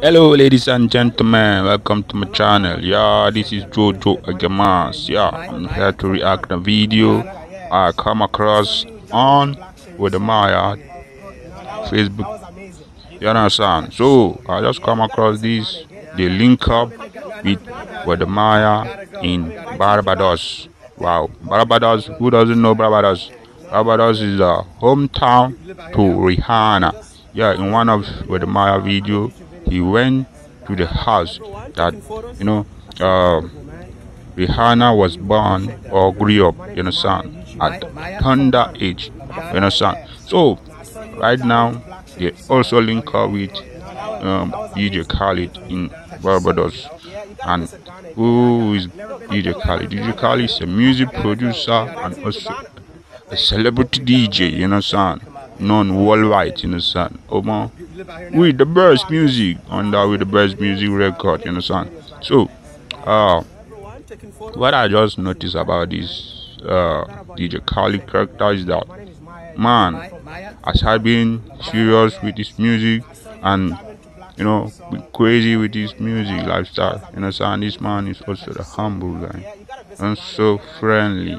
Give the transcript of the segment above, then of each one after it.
hello ladies and gentlemen welcome to my channel yeah this is jojo agamas yeah i'm here to react the video i come across on with maya facebook you understand so i just come across this they link up with with maya in barbados wow barbados who doesn't know barbados barbados is the hometown to rihanna yeah in one of with maya video he went to the house that you know uh, Rihanna was born or grew up, you understand, at tender age, you understand. So right now they also link up with um, DJ Khalid in Barbados, and who is DJ Khalid? DJ Khalid is a music producer and also a celebrity DJ, you understand known worldwide, you understand? Open oh, with the best music under uh, with the best music record, you understand? So, uh, what I just noticed about this uh, DJ Khaled character is that man has have been serious with his music and you know crazy with his music lifestyle. You understand? This man is also the humble guy and so friendly,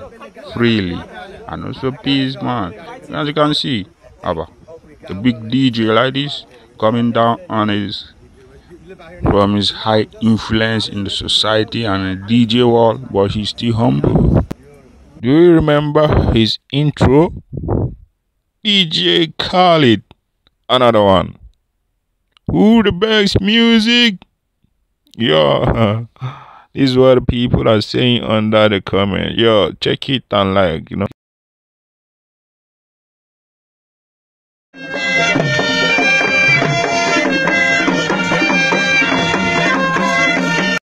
freely, and also peace man. As you can see, Abba. The big DJ like this coming down on his from his high influence in the society and the DJ world, but he's still humble. Do you remember his intro? DJ Khalid, another one. Who the best music? Yo, this is what people are saying under the comment. Yo, check it and like, you know.